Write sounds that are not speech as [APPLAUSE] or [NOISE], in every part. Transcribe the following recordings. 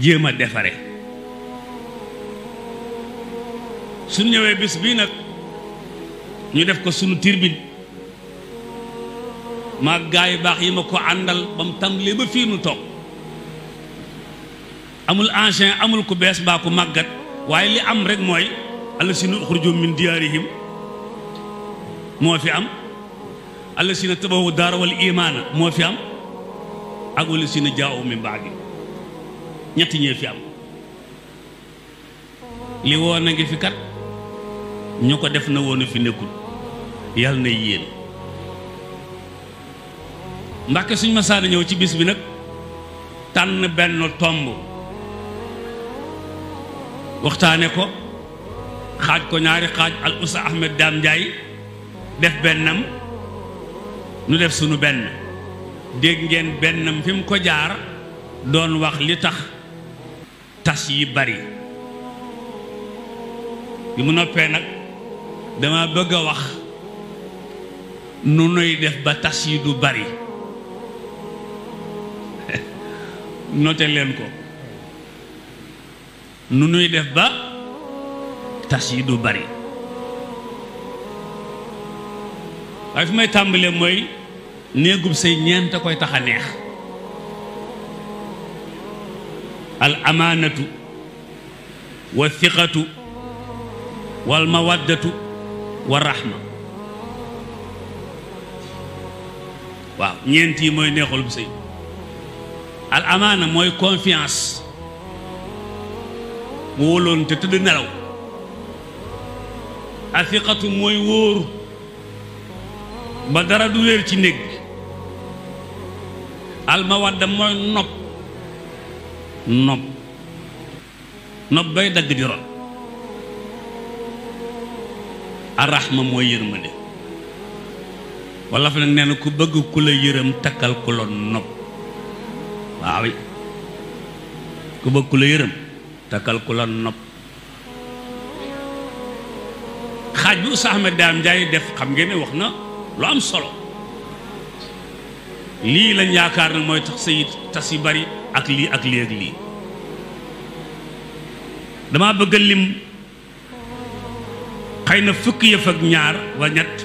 jema defare sun ñewé bis bi nak ñu def ko sunu tirbin ma gaay bax baax yi ma ko àndal bam mu tàmbalee ba fi nu tok amul ancien amul ku bes ba ku magat waye li am rek mooy allasina uxrijuu min diyaarihim mo fi am allasina tabawu dar wal iman mo fi am ak allasina jaawu min baadi ñetti ñee fi am li woon a ngi fi kat ñu ko def na woonu fi nekkul yàlla na yéen mbàkke suñ masaana ñëw ci bis bi nag tànn benn tomb waxtaane ko xaaj ko ñaari xaaj al usa ahmed daam njaay def bennam nu def sunu benn dégg ngeen bennam fi ko jaar doon wax li tax tas yi bari bi mu noppee nag dama bëgg a wax nu nuy def ba tas yi du bari [LAUGHS] note leen ko nu nuy def ba tas du bari waaye fi may tàmbalee mooy néegub say ñeent a koy tax a neex الأمانة والثقة والمودة والرحمة waaw ñeent yi mooy neexal bu sëy al amaana mooy confiance mu wóoloon te tëdd nelaw athiqatu mooy wóoru ba dara du wéer ci néeg bi al mawadda mooy nopp nopp nopp bay dagg di ron arraxma mooy yërmande walla fa ne ku bëgg ku la yërëm takkal ku la nopp waaw ku bëgg ku yërëm takkal ku la nopp xaaj bu Oustaz Ahmed def xam ngeen ne wax na lu am solo lii lañ yaakaar ne mooy tax say tas yu bari ak lii dama bëgg lim xëy na fukki yëf ñaar wa ñett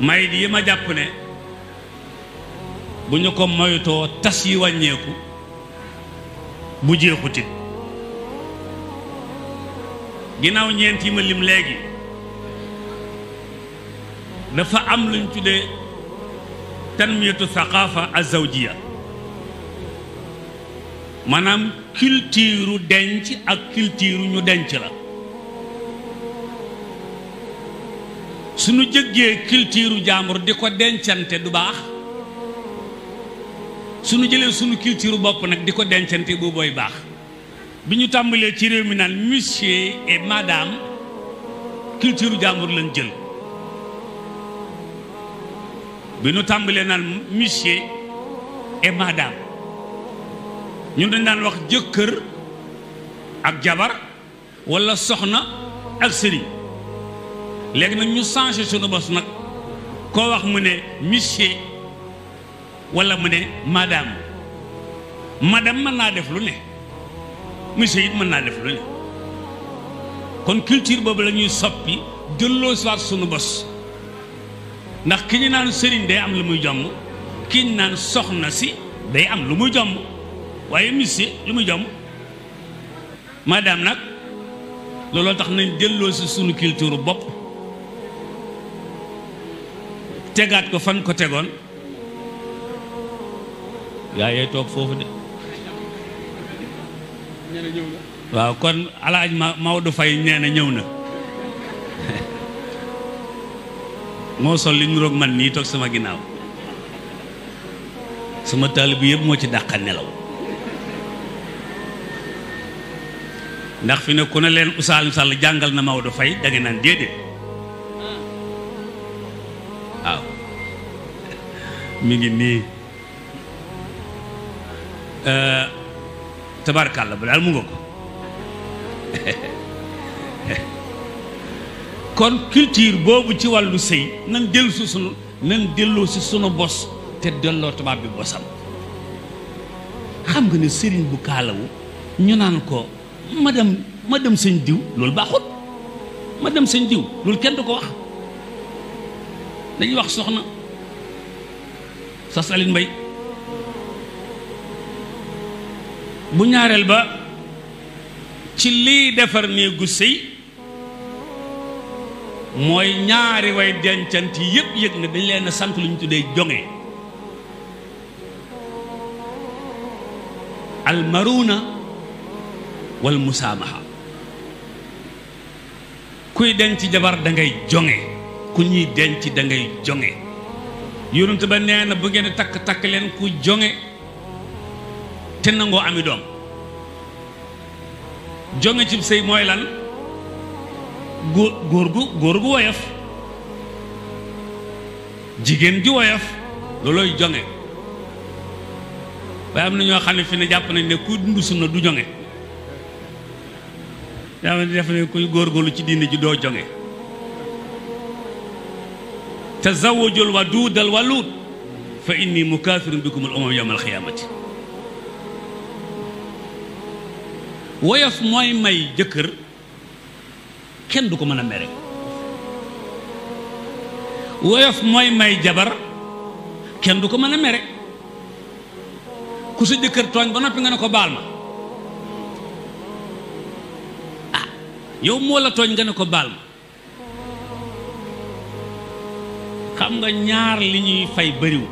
may di yi ma jàpp ne bu ñu ko moytoo tas yi wàññeeku bu jeexutit ginnaaw ñeent yi ma lim léegi dafa am luñ tuddee tanmiyatu thaqaafa azawjiya maanaam culture denc ak culture ñu denc la suñu jëggee culture jaambur di ko dencante du baax suñu jëlee sunu culture bopp nag di ko dencante bu baax bi ñu tàmbalee ci réew mi naan monsieur et madame culture jaambur lañ jël bi ñu tàmbalee naan monsieur et madame ñun dañ daan wax jëkkër ak jabar walla soxna ak sëriñ léegi nañu ñu changé sunu bos nag koo wax mu ne monsieur walla mu ne madame madame mën naa def lu ne monsieur it mën naa def lu ne kon culture boobu la ñuy soppi dëlloo saat sunu bos ndax ki ñu naan sëriñ day am lu muy jomm ki ñu naan soxna si day am lu muy jomm waaye monsieur li mu jom madame nag looloo tax nañ delloo si sunu culture bopp tegaat ko fan ko tegoon yaayee toog foofu de waaw kon alaaj ma Maodo fay nee na ñëw na moo sol li ñu man nii toog sama ginnaaw sama taalibe bi yëpp moo ci dàqa nelaw ndax fi ne ku ne leen Ousseynou Sall jàngal na Maodo Faye fay ngeen naan déedéet waaw [LAUGHS] mi ngi nii euh, tabarkàlla ba daal mu nga ko [LAUGHS] kon culture boobu ci wàllu sëy nan dellu si sunu nan delloo si sunu bos te delloo tubaab bi bosam xam nga ne sëriñ bu kaalawu ñu naan ko ma dem ma dem sëñ diw loolu baaxut ma dem sëñ diw loolu kenn du ko wax dañuy wax soxna sas Aline Mbaye bu ñaareel ba ci lii defar néegu sëy mooy ñaari way dencant yi yëpp yëg na dañ leen a sant lu ñu tuddee jonge almaruna wal musaamaha kuy denc jabar dangay ngay jonge ku ñuy denc da ngay jonge yonent ba nee na bu takk takk leen ku jonge te nangoo ami doom jonge cib sëy mooy lan góor góor gu woyof jigéen ju woyof loolooy jonge waaye am na ñoo xam ne fi ne jàpp nañ ne ku dund sunna du jonge yaa ma def ne kuy góorgóorlu ci diine ji doo jonge tazawajul waduudal waluud fa indi mukaafirun bikum al umam yawmal woyof mooy may jëkkër kenn du ko mën a mere woyof mooy may jabar kenn du ko mën a mere ku sa jëkkër tooñ ba noppi nga ne ko baal ma yow moo la tooñ nga ne ko baal ma xam nga ñaar li ñuy fay bëriwul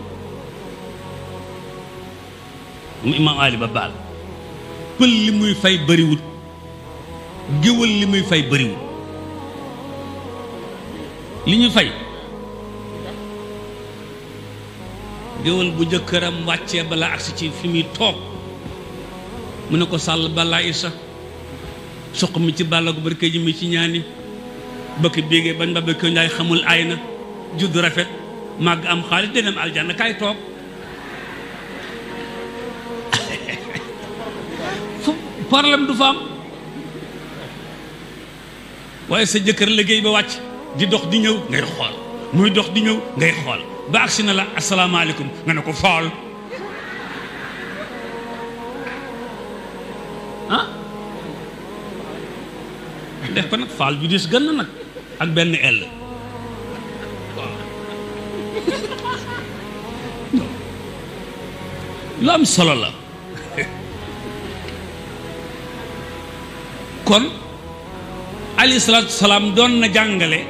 mu imaam Ali ba baal pël li muy fay bëriwul géwël li muy fay bëriwul li ñu fay géwël bu jëkkëram wàccee balaa agsi ci fi muy toog mu ne ko sàll balaa isa suq mi ci bàlla gu barke ji mi ci ñaani bëkk biigee bañ ba bëkk njaay xamul ay na judd rafet màgg am xaalis dënam aljanna kaay toog [LAUGHS] fu problème du fa waaye sa jëkkër liggéey ba wàcc di dox di ñëw ngay xool muy dox di ñëw ngay xool ba agsi na la asalaamaaleykum nga ne ko faal ko nag faal ju dis gën nag ak benn ell lu am solo la kon alayhi salaatu salaam doon na jàngale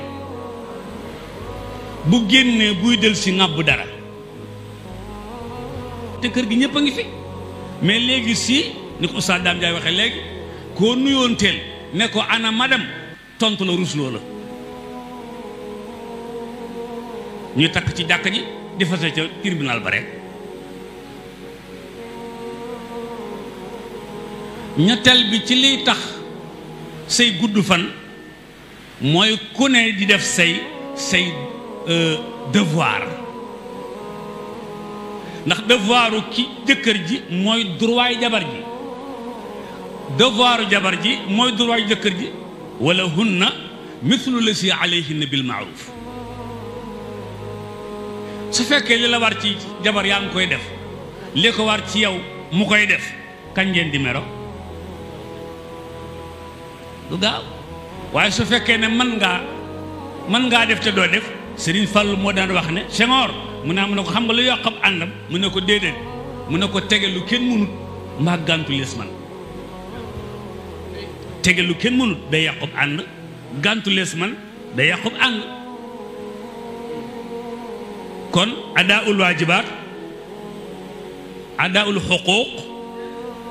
bu génnee buy del si ŋàbbu dara te kër gi ñëpp a ngi fi mais léegi si ni ko Oustaz Dame Ndiaye waxee koo nuyoon teel ne ko ana madam tontu la rusloo la ñu takk ci jàkk ji di fase ca tribunal ba rek ñetteel bi ci liy tax say gudd fan mooy ku ne di def say say euh, devoir ndax devoiru ki jëkkër ji mooy droit jabar ji devoiru jabar ji mooy droit jëkkër ji wala hunna na la si alayhinna bil maaruf su fekkee li la war ci jabar yaa ngi koy def li ko war ci yow mu koy def kañ ngeen di mero du gaaw waaye su fekkee ne mën ngaa mën ngaa def te doo def Serigne Fallou moo daan wax ne Senghor mu ne am na ko xam nga lu yokk ab àndam mu ne ko déedéet mu ne ko tege lu kenn mënut mbaa gàntu lees man tege lu kenn mënut day yàqub ànd gàntu lees man day yàqub ànd kon adaa ul waajibaat adaa ul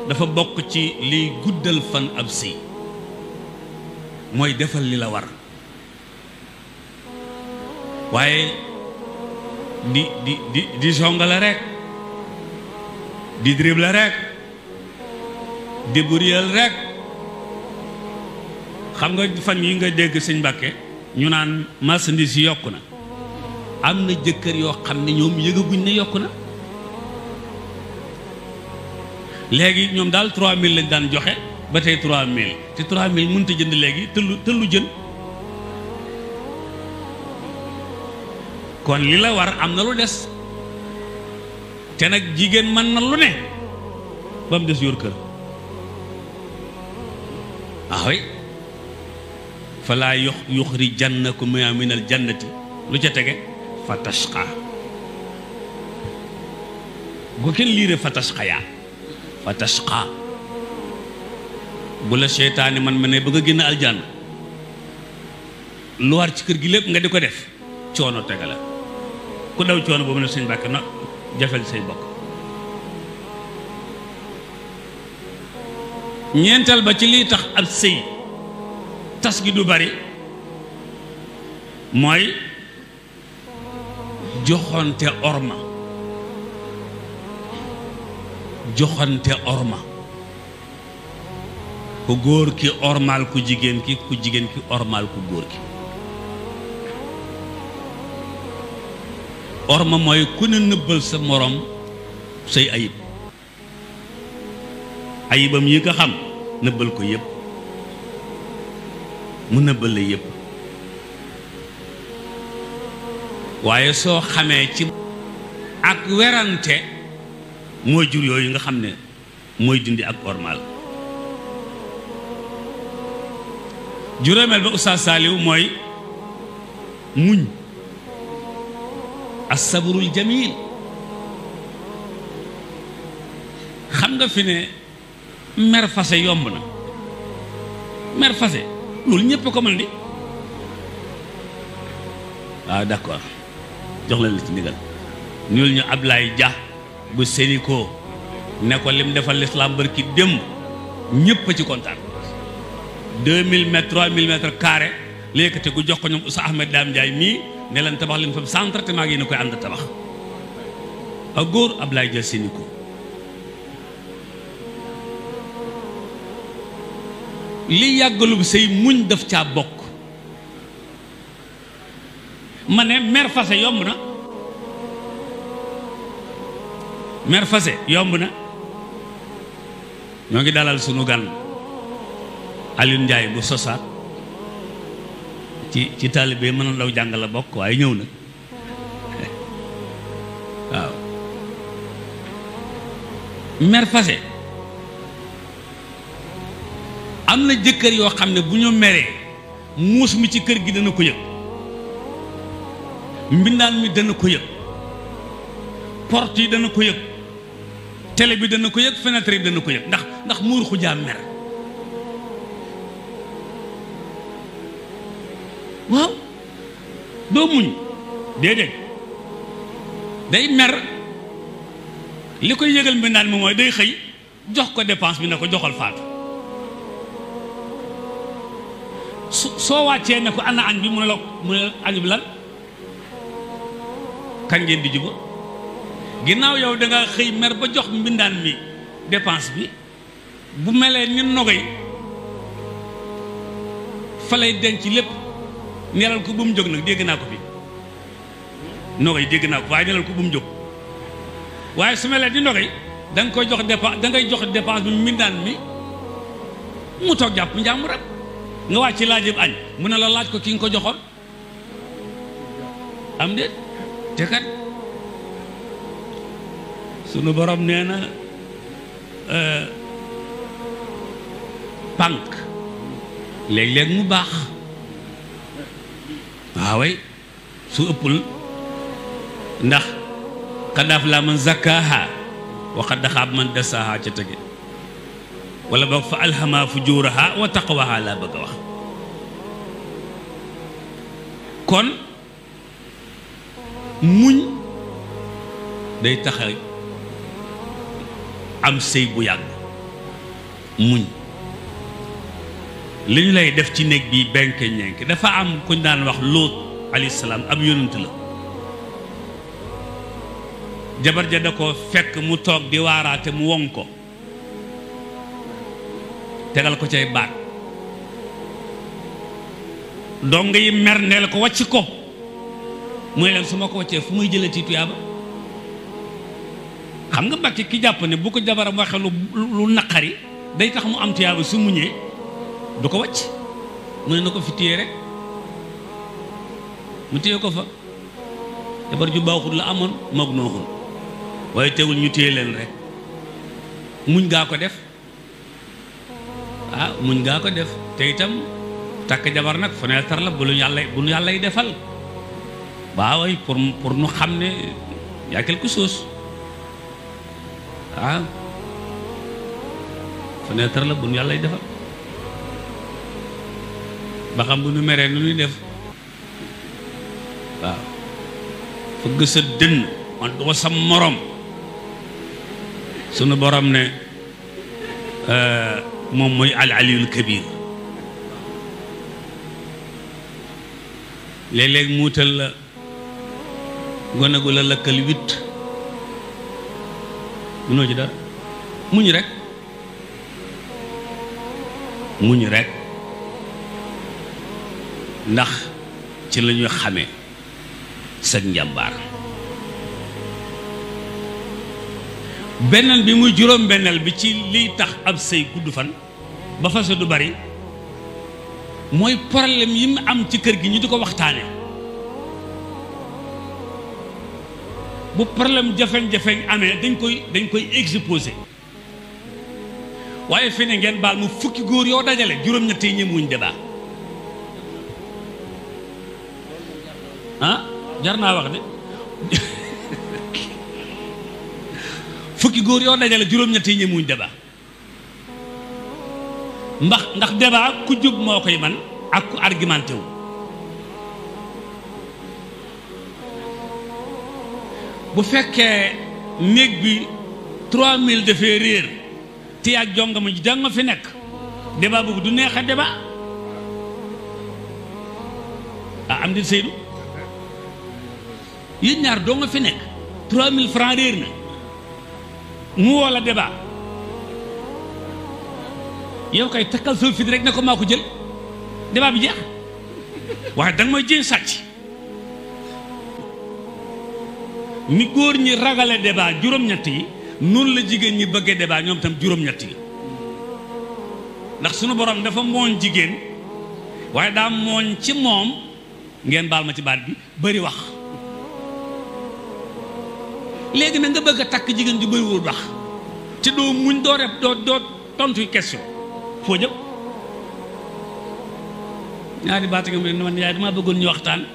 dafa bokk ci liy guddal fan ab sëy mooy defal li la war waaye di di di di rek di dribble rek di buriyal rek xam nga fan yi nga dégg sëñ Mbàkke ñu naan marchandise yi yokku na am na jëkkër yoo xam ne ñoom a guñ ne yokku na léegi ñoom daal 3000 lañ daan joxe ba tey 3000 te 3000 mënut a jënd léegi tëllu tëllu jën kon li la war am na lu des te nag jigéen mën na lu ne ba mu des yor kër ah falaa yuxrijannakum min al jannati lu ca tege fa tashqa bu kenn liire fa tashqa fa tashqa bu la seytaane man ma ne bëgg a génn aljanna lu war ci kër gi lépp nga di ko def coono tega la ku daw coono boobu ne sëñ Mbàkke na jafel say bokk ñeenteel ba ci lii tax ab sëy tas gi du bari mooy joxonte orma joxonte orma ku góor ki ormaal ku jigéen ki ku jigéen ki ormaal ku góor ki orma mooy ku ne nëbbal sa moroom say ayib ayibam yi nga xam nëbbal ko yépp mu nëbbal la yëpp waaye soo xamee ci ak werante mooy jur yi nga xam ne mooy dindi ak ormal juróomeel ba Oustaz Saliou mooy muñ as-sabrul xam nga fi ne mer yomb na mer loolu ñëpp ko mën di waaw ah, d'accord jox leen la ci ndigal ñul ñu Ablaye Dia bu Sénico ne ko lim defal l'islam barki démb ñëpp ci kontaan deux mille mètres trois mille ku jox ko ñoom Oussa Ahmed Dame Ndiaye mii ne leen li leen fa centre te maa ngi ne koy ànd tabax ak ah, góor Ablaye Dia Sénico li yàggalub sëy muñ daf caa bokk ma ne mer yomb na mer yomb na ñoo ngi dalal sunu gan Alioune Ndiaye bu sosaat ci ci taalibe mën na law jàng la bokk waaye ñëw na [LAUGHS] waaw mer am na jëkkër yoo xam ne bu ñu meree muus mi ci kër gi dana ko yëg mbindaan mi dana ko yëg porte yi dana ko yëg tele bi dana ko yëg fenêtre yi dana ko yëg ndax ndax muur xujaa mer waaw doo muñ déedéet day mer li koy yëgal mbindaan mi mooy day xëy jox ko dépense bi na ko joxal faatu su soo wàccee ne ko ana añ bi mu ne la mu ne añ bi lan kañ ngeen di juba ginnaaw yow da xëy mer ba jox mbindaan mi dépense bi bu melee ni nogay fale lay denc lépp nelal ko bu mu jóg nag dégg naa ko fi nogay dégg naa ko waaye nelal ko bu mu jóg waaye su melee ni nogay da nga koy jox dépense da ngay jox dépense bi mbindaan mi mu toog jàpp njàmburam nga wàcc laajib añ mu ne la laaj ko ki nga ko joxoon am déet te kat sunu borom nee na euh, pànk léeg-léeg mu baax waaway su ëppul ndax xadaaf laa man zakkaaha wa xad man dasaaha ca tege wala boog fa alhama fujuraha wa taqwaha laa bëgg wax kon muñ day taxa am sëy bu yàgg muñ li ñu lay def ci néeg bi benk ñenk dafa am kuñ daan wax lóot alayhi salaam ab yonent la jabar ja da ko fekk mu toog di waaraate mu woŋ ko tegal ko cay baat dong yi mer neel ko wàcc ko muy leen su ma ko wàccee fu muy jëlee ci tuyaaba xam nga mbàkki ki jàpp ne bu ko jabaram waxee lu lu naqari day tax mu am tuyaaba su muñee du ko wacc mu ne na ko fi téye rek mu téye ko fa jabar ju baaxul la amoon mag nooxul waaye teewul ñu téye leen rek muñ gaa ko def ah muñ ngaa ko def te itam takk jabar nag fenêtre la bu lu yàlla nu yàlla defal waaw ay xam ne yaa quelque chose ah fenêtre la bu yàlla defal ba xam bu nu meree nu ñuy def waaw fëgg sa dënn man doo sa morom sunu borom ne eh, مموي العلي الكبير لليك موتال غنا غول لاكال 8 منو جدار موني رك موني رك نخ تي لا نيو خامي سك benneel bi muy juróom benneel bi ci liy tax ab say gudd fan ba fase du bari mooy problème yi mu am ci kër gi ñu di ko waxtaane bu problème jafeñ-jafeñ amee dañ koy dañ koy exposé waaye fi ne ngeen baal mu fukki góor yoo dajale juróom-ñett yi ñëmuñ débat ah jar naa wax de fukki góor yoo dajale juróom-ñett yi ñemuñ débat ndax ndax débat ku jóg moo koy man ak ku argumenté bu fekkee néeg bi 3000 dafee réer te ak jongama ji danga fi nekk débat boobu du neex a débat ah am di Seydou yéen ñaar doo nga fi nekk 3000 francs réer na mu woo la débat yow kay takkal soo fit rek ne ko maa ko jël débat bi jeex waaye danga may jéem sàcc ni góor ñi ragale débat juróom-ñett yi noonu la jigéen ñi bëggee débat ñoom tam juróom-ñett yi ndax sunu borom dafa mooñ jigéen waaye daa mooñ ci moom ngeen baal ma ci baat bi bari wax léegi na nga bëgg a takk jigéen ju bëriwul wax ci do muñ do rep do do tontu question fo ñep ñaari baat nga mu man yaay dama bëggul ñu waxtaan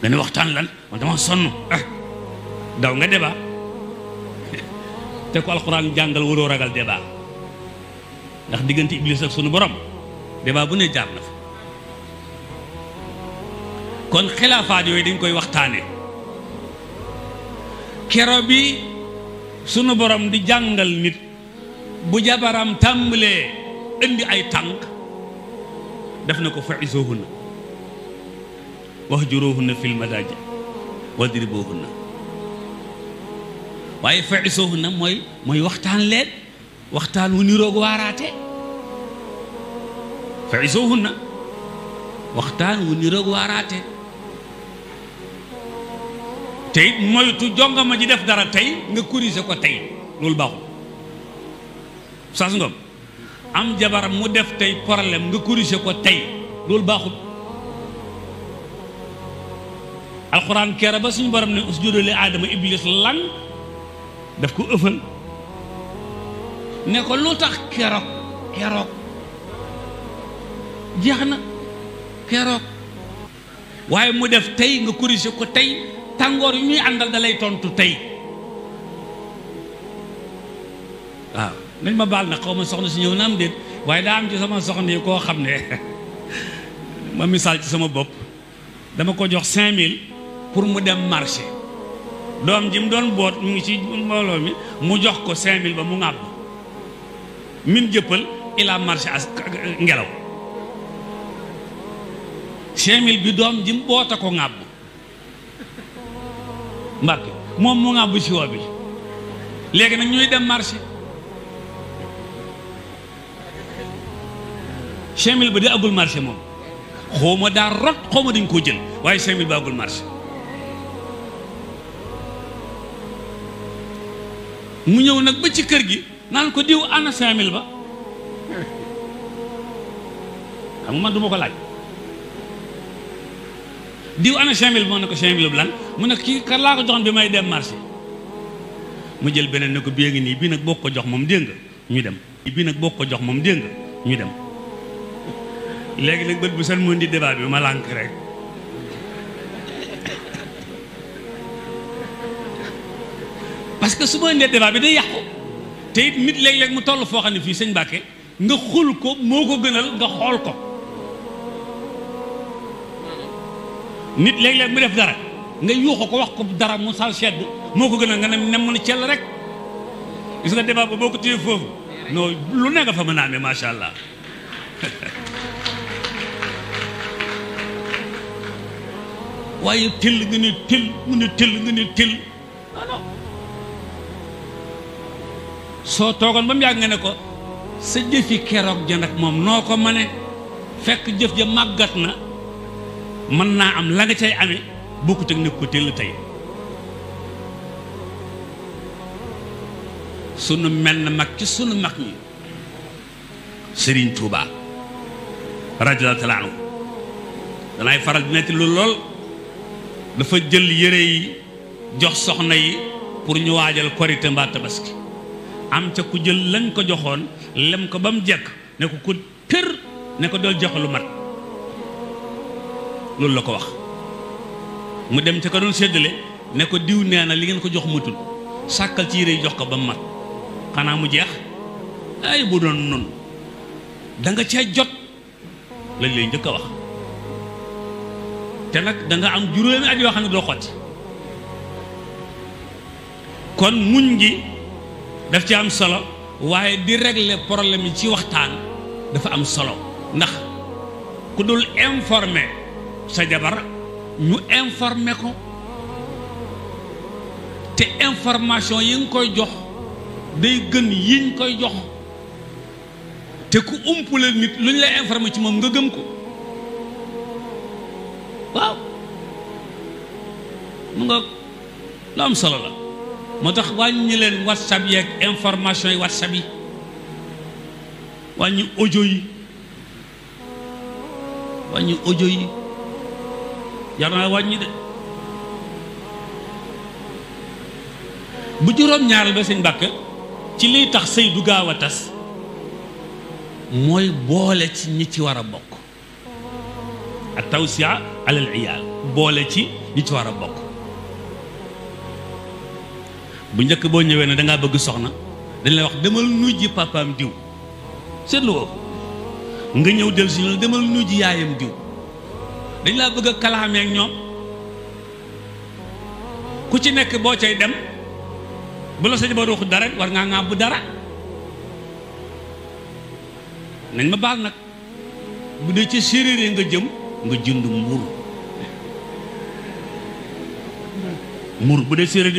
nga ne waxtaan lan man dama sonu daw nga débat te ko alquran jangal wuro ragal débat ndax diggante iblis ak sunu borom débat bu ne jaar na kon khilafat yoy dañ koy waxtane kero bi sunu borom di jàngal nit bu jabaram tàmbalee indi ay tànk def na ko fa isohunna wahjuruhunna fil madaaji wadribuhunna waaye fa mooy waxtaan leen waxtaan wu niroog waaraate fa isohunna waxtaan wu niroog waaraate tey it moytu jongama ji def dara tey nga corriger ko tey loolu baaxul sas ngom am jabaram mu def tey problème nga corriger ko tey loolu baaxul alxuraan keera ba suñu borom ne usjudu li aadama iblis lan daf ko ëffal ne ko lu tax keroog keroog jeex na keroog waaye mu def tey nga corriger ko tey tangor yu muy àndal da lay tontu tay ah nañ ma bal na xawma soxna ci ñew na am déet waaye daa am ci sama soxna ko xamne [LAUGHS] ma misal ci sama bop dama ko jox 5000 pour mu dem marché dom jim don bot mu ngi ci mbolo mi mu jox ko 5000 ba mu ngab min jeppal ila marché as ngelaw 5000 bi dom jim botako ngab mbak moom mo nga bu ci bi léegi nak ñuy dem marché chemil mille ba di agul marché moom xoma da rat rot xaw ma dañ jël waye chemil ba agul marché mu ñew nak ba ci kër gi nan ko diw ana cinq ba xam nga man ko laaj diw ana cinq mille moo ne ko cinq mille bu lan mu ne kii kan laa ko joxoon bi may dem marché mu jël beneen ne ko bii ngi nii bii nag boo ko jox moom dégg nga ñu dem bii nag boo ko jox nga ñu dem léegi nag bët bu seen mën di débat bi ma lànk rek parce que su ma indee débat bi day yàqu te it nit léeg-léeg mu toll foo xam ne fii sëñ Mbàkke nga xul ko moo ko gënal nga xool ko nit léeg-léeg mu def dara nga yuuxu ko wax ko dara mu sal sedd moo ko gën a nga ne nem mën a cell rek gis nga débat ba boo ko téye foofu non lu ne nga fa mën a amee macha allah [LAUGHS] waaye tëll nga ne tëll nga ne tëll soo toogoon ba mu yàgg nga ne ko sa jëfi keroog ja moom noo ko mane fekk jëf ja màggat na mën naa am la nga cay amee bokkut ak nekk ko tey sunu mel na mag ci sunu mag ñi Serigne Touba radiyallahu taala anhu danaay faral di netti lu lool dafa jël yére yi jox soxna yi pour ñu waajal korite mbaa am ca ku jël lañ ko joxoon lem ko ba mu jekk ne ko ku tër ne ko dool jox lu mat loolu la ko wax mu dem ca ka doon séddale ne ko diw nee na li ngeen ko jox matul sàkkal ci yére jox ko ba mat xanaa mu jeex ay bu doon noonu da cee jot lañ lay njëkk a wax te nag danga am juróomi at yoo xam ne doo xotti kon muñ gi daf ci am solo waaye di régler problème yi ci waxtaan dafa am solo ndax ku dul informé sa jabar ñu informé ko te information yi nga koy jox day gën yiñ koy jox te ku umpule nit lu ñu lay informé ci moom nga gëm ko waaw mu nga lu am solo la moo tax wàññi leen whatsapp yeeg information yi whatsapp yi wàññi audio yi wàññi audio yi yar naa wàññi de bu juróom ñaareel ba sëñ Mbàkke ci liy tax sëy du gaaw a tas mooy boole ci ñi ci war a bokk ak tawsia alal iyaal boole ci ñi ci war a bokk bu njëkk boo ñëwee ne danga bëgg soxna dañ lay wax demal nuy ji papaam diw seetlu woo nga ñëw del si ñu demal nuy ji yaayam diw dañ laa bëgg a kalaame ak ñoom ku ci nekk boo cay dem bu la sa jabar waxu dara war ngaa ŋàbb dara nañ ma baal nag bu dee ci séeréer nga jëm nga jënd mbur mbur bu dee séeréer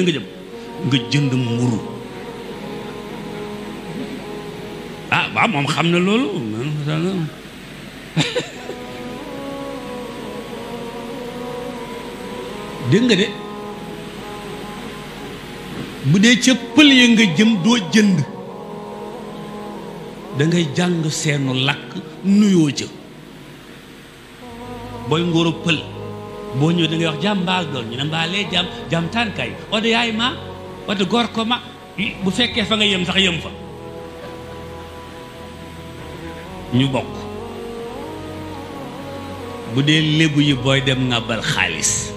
nga jëm nga mbur ah waaw moom xam nga loolu dégg de bu dee ca pël ya nga jëm doo jënd dangay jàng seenu làkk nuyoo ca booy ngóoro pël boo ñëw da wax jàmm mbaal doon ñu ne mbaalee jàmm jàmm tànkaay odo yaay ma odo gor ko ma bu fekkee fa nga yem sax yem fa ñu bokk bu dee lébu yi booy dem ngàbbal xaalis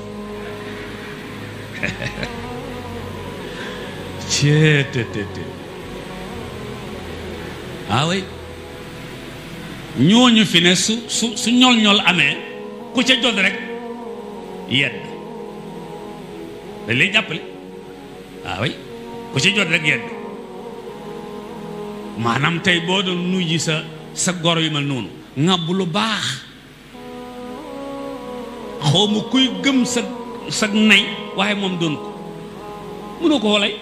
Tiens, ah oui ñooñu fi ne su su su ñol-ñol amee ku ca jot rek yedd dañ lay jàppale ah oui ku ca jot rek yedd maanaam tey boo doon nuyu sa sa goro yu mel noonu ŋàbb lu baax xaw kuy gëm sa nay waaye moom doon ko mënoo ko walay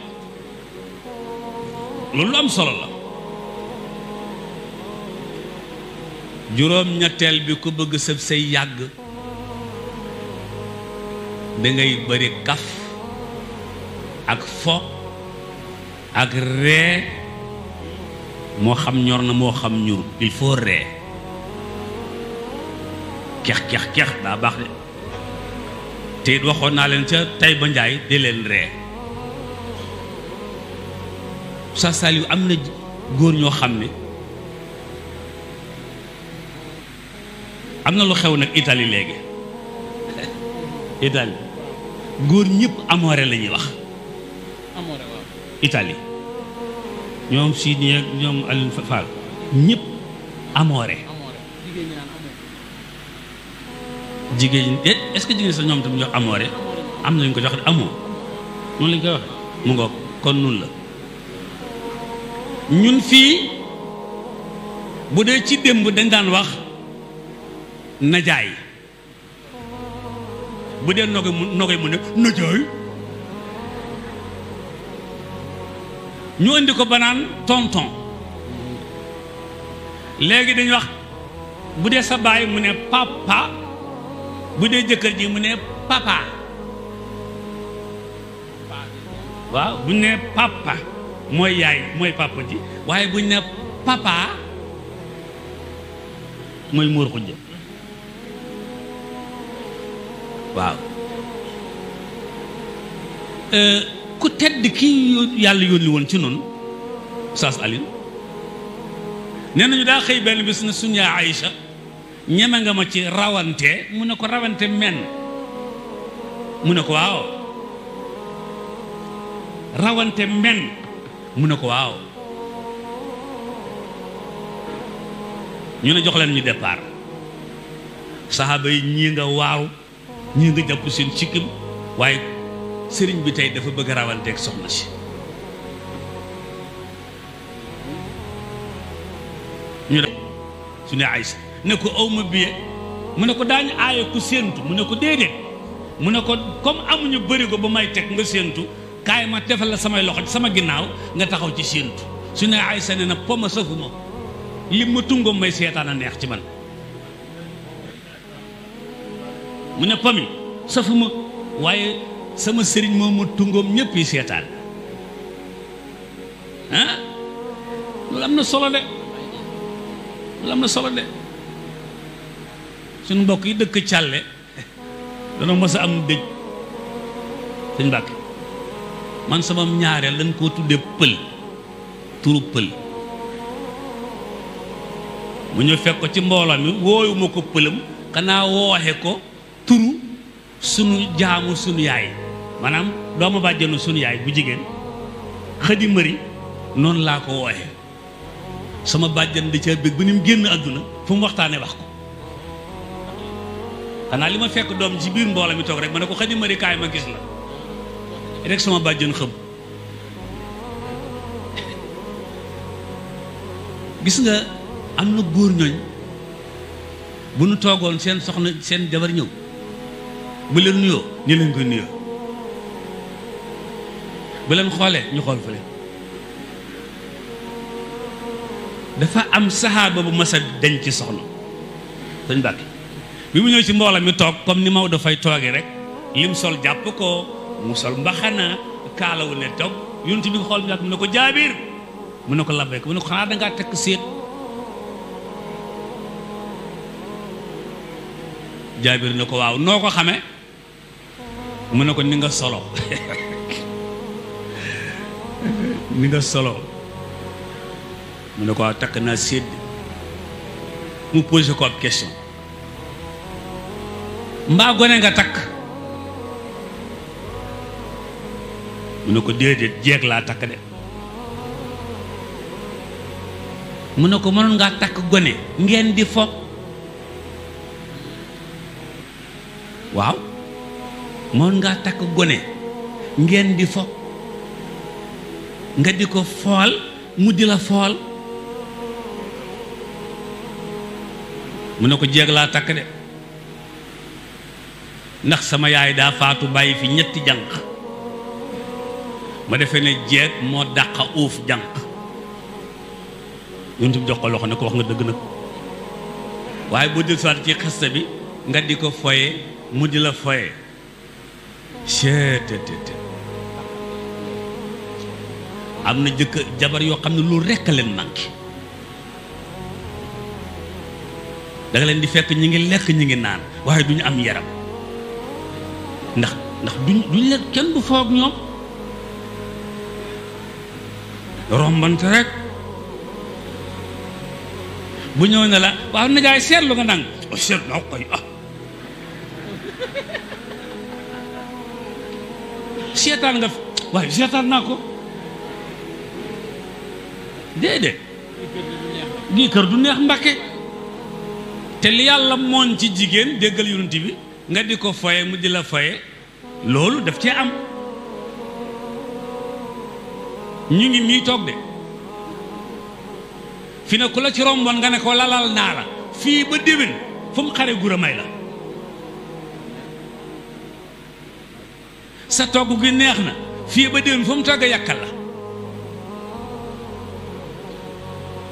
loolu lu am solo la juróom-ñetteel bi ku bëgg sëb say yàgg dangay bëri kaf ak fo ak ree moo xam ñor na moo xam ñur il faut ree kex kex kex daa baax de te it waxoon naa leen ca Taïba njaay di leen ree sa Saliou am na góor ñoo xam ne am na lu xew nag itali léegi [LAUGHS] Italie góor ñëpp amoore la ñuy wax amoore waaw Italie ñoom Sidi ak ñoom Alioune Fall ñëpp amoore jigéen eh, est-ce que jigéen sax ñoom tam jox amoore am na ko jox amoo noonu lañ koy wax mu ngoog kon nun la ñun fii bu dee ci démb dañ daan wax na jaay bu dee noge mu noge mu ne na jaay ñu indi ko banaan tonton léegi dañ wax bu dee sa baay mu ne papa bu dee jëkkër ji mu ne papa waaw bu ne papa mooy yaay mooy papa ji waaye buñ ne papa mooy muur xujja waaw euh, ku tedd kii yàlla yónni ci noonu saas Alioune nee nañu daa xëy benn bis na suñu yaay Aïcha ñeme nga ma ci rawante mu ne ko rawante menn mu ne ko waaw rawante men mu ne ko waaw ñu ne jox leen ñu départ saxaaba yi ñii nga waaru ñii nga jàpp seen cikkim waaye sëriñ bi tey dafa bëgg a rawanteeg soxna si ñu ne su ne ne ko aw ma biye mu ne ko daañu aaye ku séentu mu ne ko déedéet mu ne ko comme amuñu bëri ko ba may teg nga séentu kaay ma defal la samay loxo sama ginnaaw nga taxaw ci séentu su ne ay sa ne na poma safuma li ma tungoom may seetaan a neex ci man mu ne pomi safuma waaye sama sëriñ moom ma tungoom ñëpp yi seetaan ah loolu am na solo de loolu am na solo de suñu mbokk yi dëkk càlle dana mos a am dëj sëñ Mbàkke man sama ñaareel dañ koo tuddee pël turu pël mu ñu fekk ko ci mbooloo mi wooyuma ko pëlam xanaa wooxe ko turu sunu jaamu sunu yaay maanaam doomu bàjjenu sunu yaay bu jigéen xëdi mëri noonu laa ko wooxe sama bàjjan da ca bég ba ni mu génn àdduna fu mu waxtaanee wax ko xanaa li ma fekk doom ci biir mbooloo mi toog rek ma ne ko xëdi mëri kaay ma gis la rek sama bàjjen xëm gis nga am na góor ñooñ bu nu toogoon seen soxna seen jabar ñëw bu leen nuyoo ñu leen koy nuyoo bu leen xoolee ñu xool fa leen dafa am saxaaba bu mas a denc ci soxna sëñ Mbàkke bi mu ñëw ci mbooloo mi toog comme ni Maodo dafay toogee rek lim sol jàpp ko mu sol mbaxana kaalawu ne toog yonent bi xool mu ne ko jaabir mu ne ko labbeek mu ne ko xanaa dangaa ko waaw noo ko xame mu ne ko ni nga solo [LAUGHS] ni solo mu ne ko waaw takk naa séet mu posé ko ab mbaa gone nga takk mu ne ko déedéet jeeg laa takk de mu ne ko mënoon ngaa takk gone ngeen di fo waaw mënoon ngaa takk gone ngeen di fo nga di ko fool mu di la fool mu ne ko jeeg laa takk de ndax sama yaay daa faatu bàyyi fi ñetti jànq ma defee ne jeeg moo dàqa uuf jànq yonent bi jox ko loxo ne ko wax nga dëgg nag waaye boo dil soit ci xeste bi nga di ko foye mu di la foye cettt am na jëkk jabar yoo xam ne lu rekk leen manqué da leen di fekk ñi ngi lekk ñi ngi naan waaye duñu am yaram ndax ndax duñ duñ leen kenn du foog ñoom romban terek rek bu ñëw na la waaw na jaay seetlu nga nang oh, na koy ah seetaan nga wah seetaan naa ko déedéet di kër du neex mbakke te li yalla tv, ci jigen déggal yonent bi nga di ko fayé mu di la fayé lolu daf ci am ñu ngi nii toog de fi ne ku la ci romboon nga ne ko lalal naa la fii ba déwén fu mu xare gura may la sa togg gi neex na fii ba déwén fu mu togg yàkkal la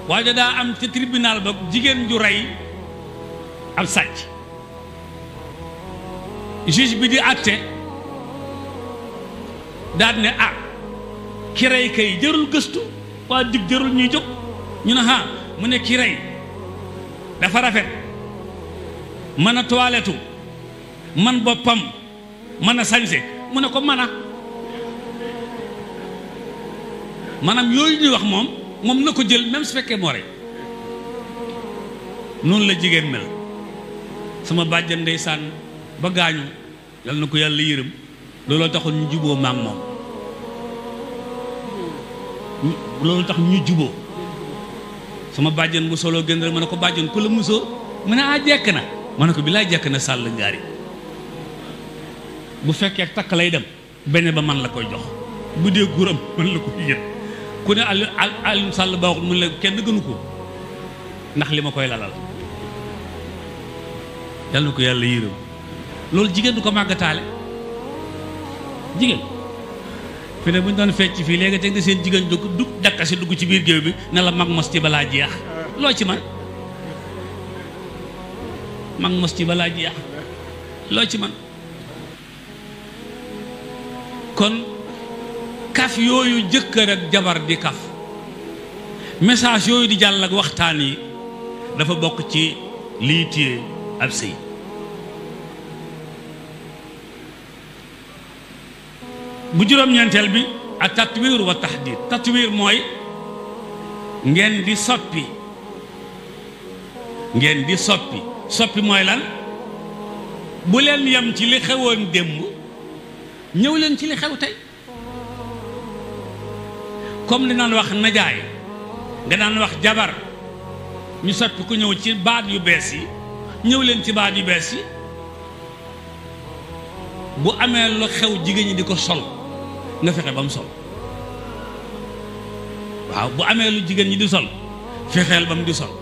waajo daa am ca tribunal ba jigéen ju rey ab sàcc juge bi di àtte daal ne ah ki rey kay jërul gëstu waa dig jërul ñuy jóg ñu ne ha mu ne ki rey dafa rafet mën a toiletu man boppam mën a sañse mu ne ko mën a maanaam yooyu ñuy wax moom moom na ko jël même su fekkee moo rey noonu la jigéen mel sama bàjjan ndeysaan ba gaañu yal na ko yàlla yërëm looloo taxoon ñu juboo maak moom loolu tax ñu juboo sama bàjjen mu soloo gën rek ma ne ko bàjjen ku la musoo mu ne ah, jekk na ma ko bi billaay jekk na sàll ngaari bu fekkee takk lay dem benn ba man la koy jox bu dee guram man la koy yët ku ne Aliou Aliou Sall baaxul mu ne la kenn gënu ko ndax li ma koy lalal yal na ko yàlla yërëm loolu jigéen du ko màggataale jigéen fi ne bu ñu doon fecc fii léegi teg na seen jigéen dugg dugg dakkasi dugg ci biir géew bi ne la mag mos ci balaa jeex loo ci man mag mos ci balaa jeex loo ci man kon kaf yooyu jëkkër ak jabar di kaf message yooyu di jàll ak waxtaan yi dafa bokk ci lii téye ab sëy bu juróom-ñeenteel bi a tatwir wa tahdid tatwir mooy ngeen di soppi ngeen di soppi soppi mooy lan bu leen yem ci li xewoon démb ñëw leen ci li xew tey comme li naan wax najaay nga daan wax jabar ñu soppi ku ñëw ci baat yu bees yi ñëw leen ci baat yu bees yi bu amee lu xew jigéen ñi di ko sol nga fexe ba mu sol waaw bu amee lu jigéen ñi di sol fexeel ba mu di sol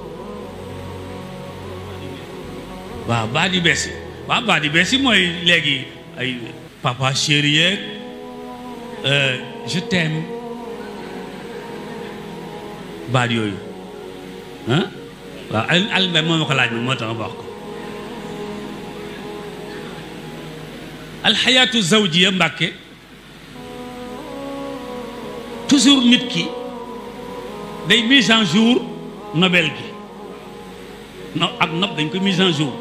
waaw baat yu bees yi waaw baat yu bees yi mooy léegi ay papa chéri yeeg euh, je t'aime yooyu ah waaw al albert moo ma ko laaj ma moo tax ma wax ko alxayaatu zawjiya mbàkke toujours nit ki day mise en jour nobel gi no ak nob dañ ko mise en jour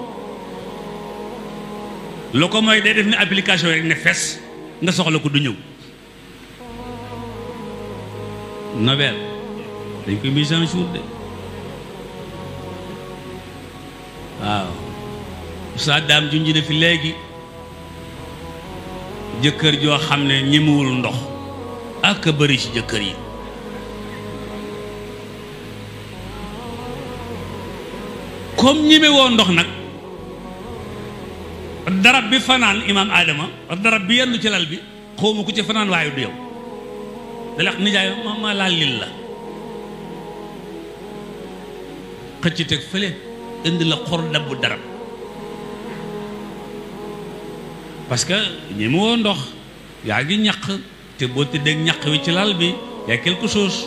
loo ko day def ni application rek ne fess nga soxla ko du ñew nobel dañ ko mise en jour de waaw sa dam junj na fi legi jëkkër joo xam ne ñemewul ndox ak bëri ci jëkkër ndox nag darab bi fanaan imaam Adama darab bi yenn ci lal bi xaw ma ci fanaan waayu du yow dalex nijaay ma ma lil la xëcc teg fële indi la xor dabbu darab parce que ndox yaa ngi ñaq te boo tëddee ñaq wi ci lal bi y a quelque chose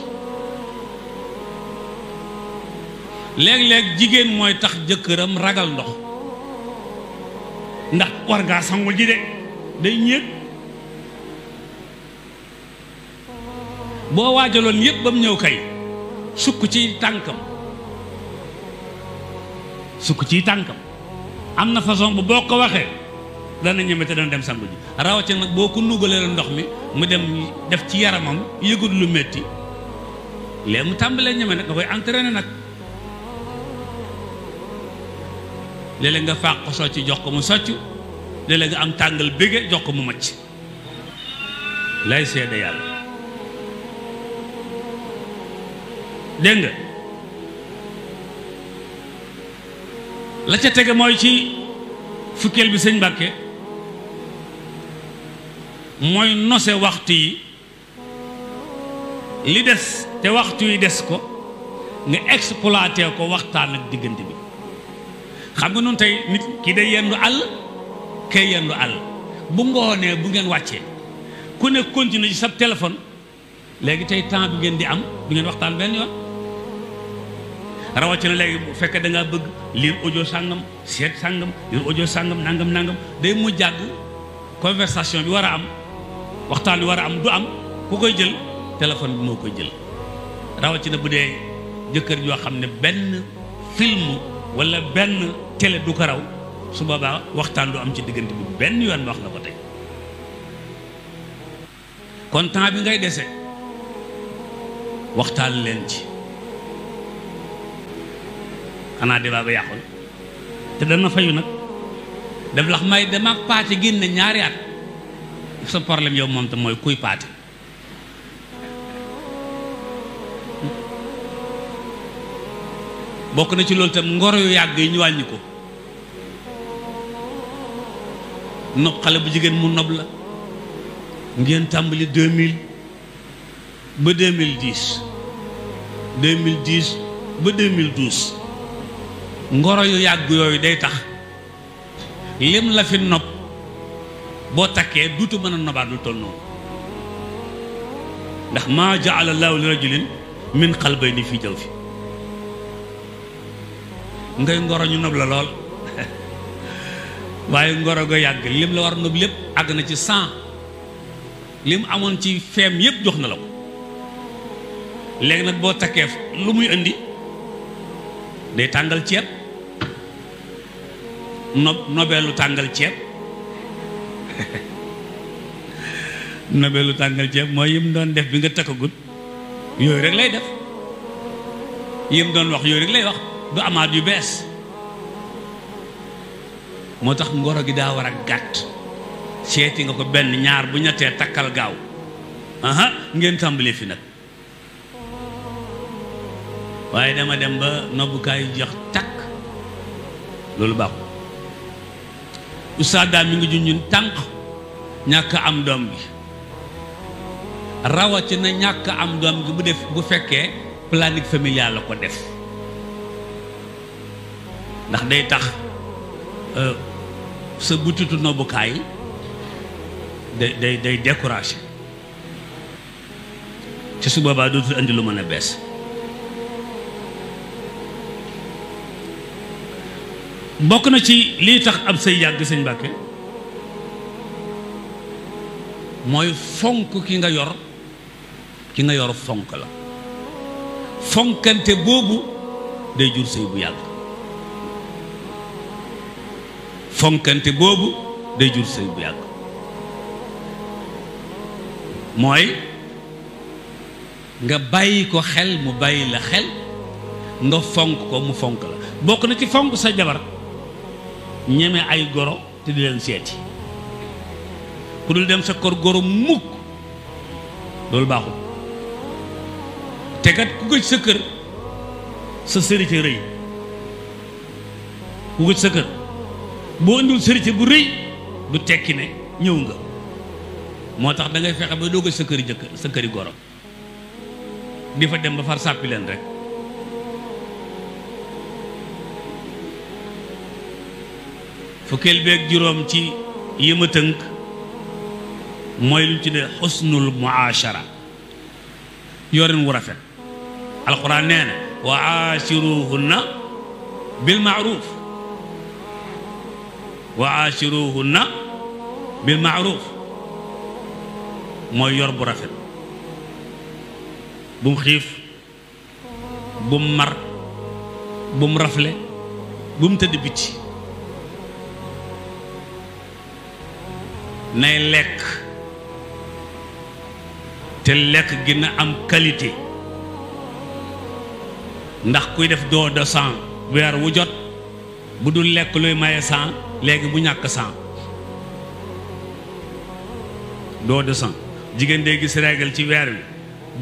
léeg-léeg jigéen mooy tax jëkkëram ragal ndox ndax war ngaa sangu ji de day ñéeg boo waajaloon yépp ba mu ñëw kay sukk ci tànkam sukk ci tànkam am na façon bu boo ko waxee dana ñeme te dana dem sangu ji rawatina nag boo ko nuugalee ndox mi mu dem def ci yaramam yëgut lu metti léegi mu tàmbalee ñeme nag da koy entraîné nag léeg-léeg nga fàq ko socc jox ko mu socc léeg-léeg nga am tàngal bége jox ko mu macc lay seede yàlla dégg nga la ca tege mooy ci fukkeel bi sëñ Mbàkke mooy nose waxtu yi li des te waxtu yi des ko nga exploité ko waxtaan ak diggante bi xam nga noonu tey nit kii day yendu àll kay yendu àll bu ngoonee bu ngeen wàccee ku ne continuer ci sa téléphone léegi tey temps bi ngeen di am bu ngeen waxtaan benn yoon rawatina léegi bu fekkee da bëgg lire ojo sàngam seet sàngam lire audio sàngam nangam nangam day mu jàgg conversation bi war a am waxtaan wi war a am du am ku koy jël téléphone bi moo koy jël rawatina bu dee jëkkër yoo xam ne benn film wala benn télé du ko raw su boobaa waxtaan du am ci diggante bi benn yoon wax na ko tey kon temps bi ngay dese waxtaan leen ci xanaa débat ba yàqul te dana fayu nag daf lax may dem ak paate génne ñaari at sa problème yow moom tam mooy kuy paate bokk na ci loolu tam ngoro yu yàgg yi ñu wàññi ko nopp xale bu jigéen mu nopp la ngeen tàmbali 2000 ba 2010 2010 ba ngoro yu yàgg yooyu day tax lim la fi nopp boo takkee duutu mën a nobaat lu toll noonu ndax maa jaala llaahu li rajulin min xalbayni fi jëw fi ngay ngoro ñu nob la lool waaye ngoro ga yàgg lim la war nob lépp àgg na ci cent lim amoon ci feem yépp jox na la ko léegi nag boo takkee lu muy indi day tàngal ceeb nob lu tàngal ceeb Nabelu tangal ceeb mooy yim don def bi nga takagut yoy rek lay def yim don wax yoy rek lay wax du amad yu bes motax ngoro gi da wara gat seti nga ko ben ñaar bu ñettee takal gaaw aha ngeen tambali fi nak waye dama dem ba kay jox tak, lolu bax ustaas da mi ngi junjun tank ñaka am dom bi na ñàkk am doom gi bu def bu fekkee planning familial la ko def ndax day tax euh, sa butitu nobbukaay day day day découragé ci su boobaa dootul andi lu mën a bees bokk na ci lii tax ab say yàgg sëñ Mbàkke mooy fonk ki nga yor ki nga yor fonk la fonkante boobu day jur sëy bu yàgg fonkante boobu day jur sëy bu yàgg mooy nga bàyyi ko xel mu bàyyi la xel nga fonk ko mu fonk la bokk na ci fonk sa jabar ñeme ay goro te di leen seeti ku dul dem sa kor goro mukk loolu baaxul te kat ku gëj sa kër sa sërite rëy ku gëj sa boo indiwul sërite bu rëy du tekki ne ñëw nga moo tax da ngay fexe ba doo gëj sa kër jëkk sa këri goro di fa dem ba far sàppi leen rek fukkeel beeg juróom ci yi mooy lu ci ne xusnul muaashara yorin wu rafet القران نانا وعاشروهن بالمعروف وعاشروهن بالمعروف موي يور بو رافيت بوم خيف بوم مر بوم رافلي بوم تدي بيتي ناي ليك تي ليك غينا ام كاليتي ndax kuy def doo de sang weer wu jot bu dul lekk luy maye sang léegi bu ñàkk sang doo de sang jigéen dee gis règle ci weer wi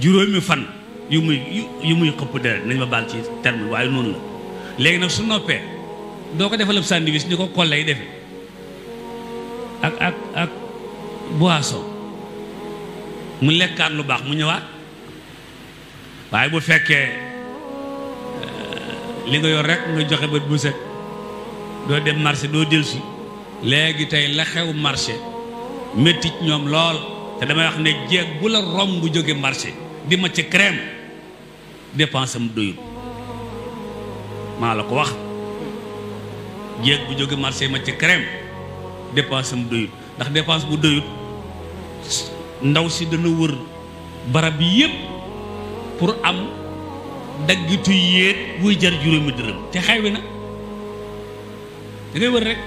juróomi fan yu muy yu muy xëpp deret nañ ma baal ci terme waaye noonu la léegi nag su noppee doo ko defal ab sandwich ni ko kollay defe ak ak ak boisson mu lekkaat lu baax mu ñëwaat waaye bu fekkee li nga yor rek nga joxe bët bu set doo dem marché doo dellusi léegi tey la xew marché métti ñoom lool te damay wax ne jeeg bu la romb bu jóge marché di ma ci crème dépense am doyul maa la ko wax jeeg bu jóge marché ma ci crème dépense am doyul ndax dépense bu doyul ndaw si dana wër barab bi yépp pour am daggitu yéet buy jar juróomi dërëm te xaywi na da ngay wër rek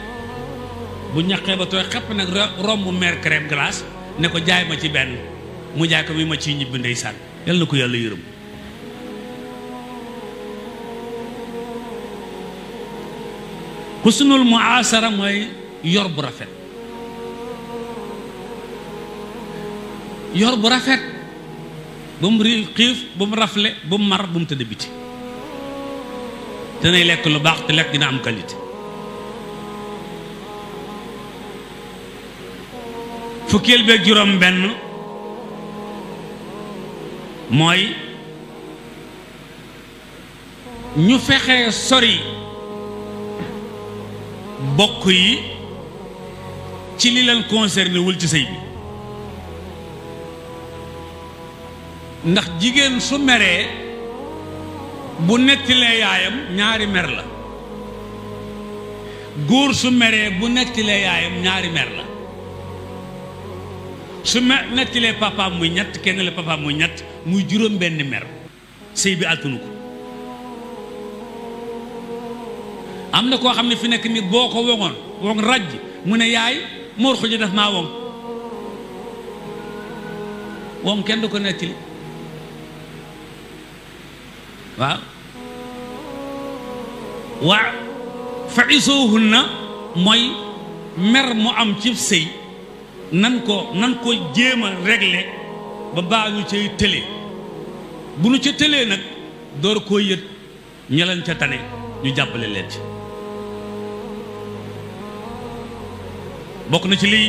bu ñaqee ba tooy xepp nag romb mer crème glace ne ko jaay ma ci benn mu jaay ko mi ma ciy ñibbi ndeysaan yal na ko yàlla yërëm xusnul muasara mooy yor bu rafet yor bu rafet bu mu xiif bu mu rafle bu mu mar bu mu tëdd biti danay lekk lu baax te lekk dina am qualité fukkeel beeg juróom benn mooy ñu fexe sori bokk yi ci li leen concerné wul ci sëy bi ndax jigéen su meree bu nettilee yaayam ñaari mer la góor su meree bu nettilee yaayam ñaari mer la su me nettilee papaam muy ñett kenn la papaam muy ñett muy juróom benn mer sëy bi altunu ko am na koo xam ne fi nekk ni boo ko woŋoon woŋ raj mu ne yaay moor xuj daf maa woŋ woŋ kenn du ko nettili waaw waa faisuhunna mooy mer mu am ci sëy nan ko nan ko jéem a régler ba baa ñu cay tële bu ñu ca tëlee nag door koo yët ñelan ca tane ñu jàppale leen ci bokk na ci liy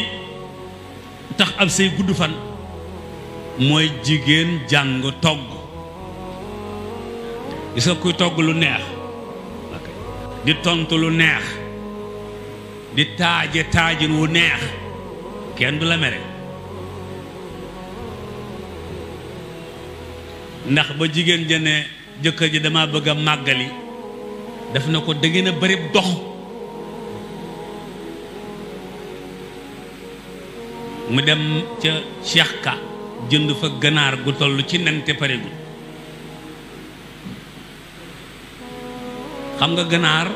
tax ab sëy gudd fan mooy jigéen jàng togg gis nga kuy togg lu neex di tontu lu neex di taaje taajin wu neex kenn du la mere ndax ba jigéen ja ne jëkkër ji dama bëgg a màggali daf na ko dangeen a bari dox mu dem ca Cheikh Ka jënd fa ganaar gu toll ci nen te pareegul xam nga ganaar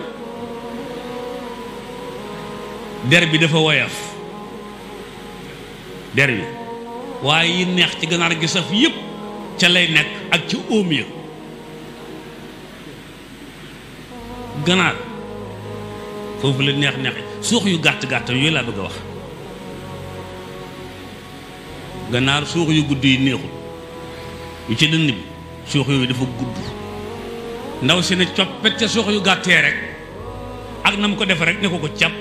der bi dafa woyof der bi waaye yi neex ci ganaar gi saf yëpp ca lay nekk ak ci óom ya ganaar foofu la neex neex suux yu gàtt gàttam yooyu laa bëgg a wax ganaar suux yu gudd yu neexul yu ci dënn bi suux yooyu dafa gudd ndaw si na coppet ca sox yu gàttee rek ak na mu ko defe rek ne ko ko càpp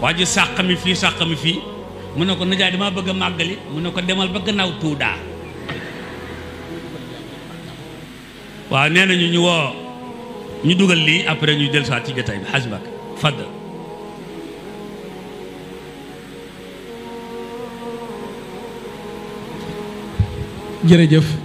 waa ji sàq mi fii sàq mi fii mu ne ko nijaay damaa bëgg a màggali mu ne ko demal ba gannaaw tuudaa waaw nee nañu ñu woo ñu dugal lii après ñu del soit ci jotaay bi xasbak faddal jërëjëf